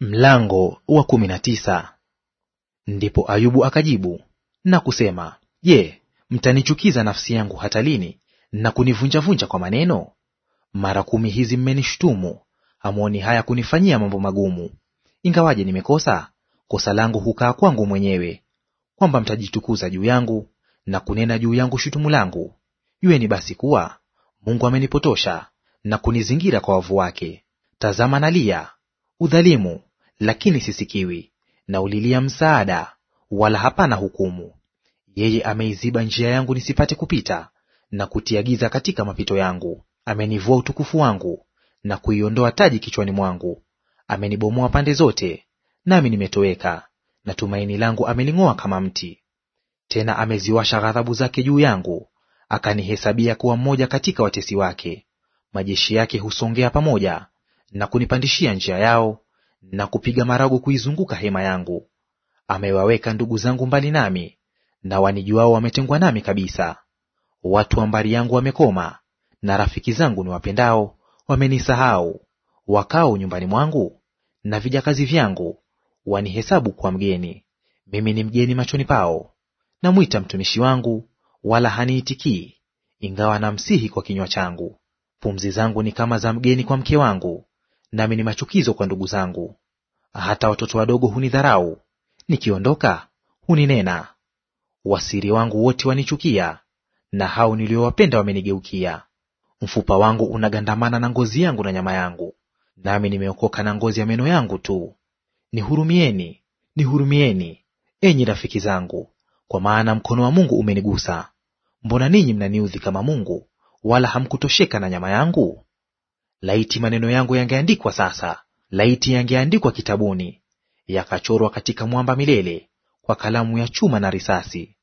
Mlango wa kumi na tisa. Ndipo Ayubu akajibu na kusema, Je, mtanichukiza nafsi yangu hata lini na kunivunjavunja kwa maneno? Mara kumi hizi mmenishutumu hamuoni haya kunifanyia mambo magumu. Ingawaje nimekosa, kosa langu hukaa kwangu mwenyewe, kwamba mtajitukuza juu yangu na kunena juu yangu shutumu langu. Jueni basi kuwa Mungu amenipotosha na kunizingira kwa wavu wake. Tazama nalia udhalimu lakini sisikiwi, na ulilia msaada, wala hapana hukumu. Yeye ameiziba njia yangu nisipate kupita, na kutia giza katika mapito yangu. Amenivua utukufu wangu na kuiondoa taji kichwani mwangu. Amenibomoa pande zote, nami nimetoweka, na tumaini langu ameling'oa kama mti. Tena ameziwasha ghadhabu zake juu yangu, akanihesabia kuwa mmoja katika watesi wake. Majeshi yake husongea pamoja na kunipandishia njia yao na kupiga marago kuizunguka hema yangu. Amewaweka ndugu zangu mbali nami, na wanijuao wametengwa nami kabisa. Watu wa mbari yangu wamekoma, na rafiki zangu ni wapendao wamenisahau. Wakao nyumbani mwangu na vijakazi vyangu wanihesabu kuwa mgeni. Mimi ni mgeni machoni pao. Namwita mtumishi wangu, wala haniitikii, ingawa namsihi kwa kinywa changu. Pumzi zangu ni kama za mgeni kwa mke wangu, nami ni machukizo kwa ndugu zangu. Hata watoto wadogo hunidharau, nikiondoka huninena. Wasiri wangu wote wanichukia, na hao niliowapenda wamenigeukia. Mfupa wangu unagandamana na ngozi yangu na nyama yangu, nami nimeokoka na ngozi ya meno yangu tu. Nihurumieni, nihurumieni, enyi rafiki zangu, kwa maana mkono wa Mungu umenigusa. Mbona ninyi mnaniudhi kama Mungu, wala hamkutosheka na nyama yangu? Laiti maneno yangu yangeandikwa sasa, laiti yangeandikwa kitabuni, yakachorwa katika mwamba milele kwa kalamu ya chuma na risasi.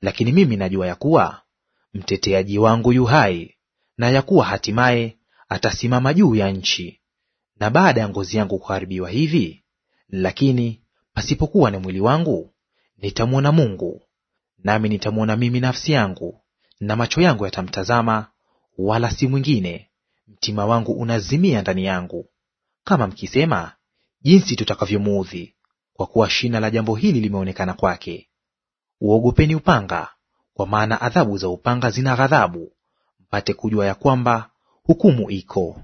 Lakini mimi najua ya kuwa mteteaji wangu yu hai, na ya kuwa hatimaye atasimama juu ya nchi. Na baada ya ngozi yangu kuharibiwa hivi, lakini pasipokuwa na mwili wangu, nitamwona Mungu, nami nitamwona mimi nafsi yangu, na macho yangu yatamtazama, wala si mwingine, mtima wangu unazimia ndani yangu, kama mkisema, jinsi tutakavyomuudhi, kwa kuwa shina la jambo hili limeonekana kwake. Uogopeni upanga, kwa maana adhabu za upanga zina ghadhabu, mpate kujua ya kwamba hukumu iko.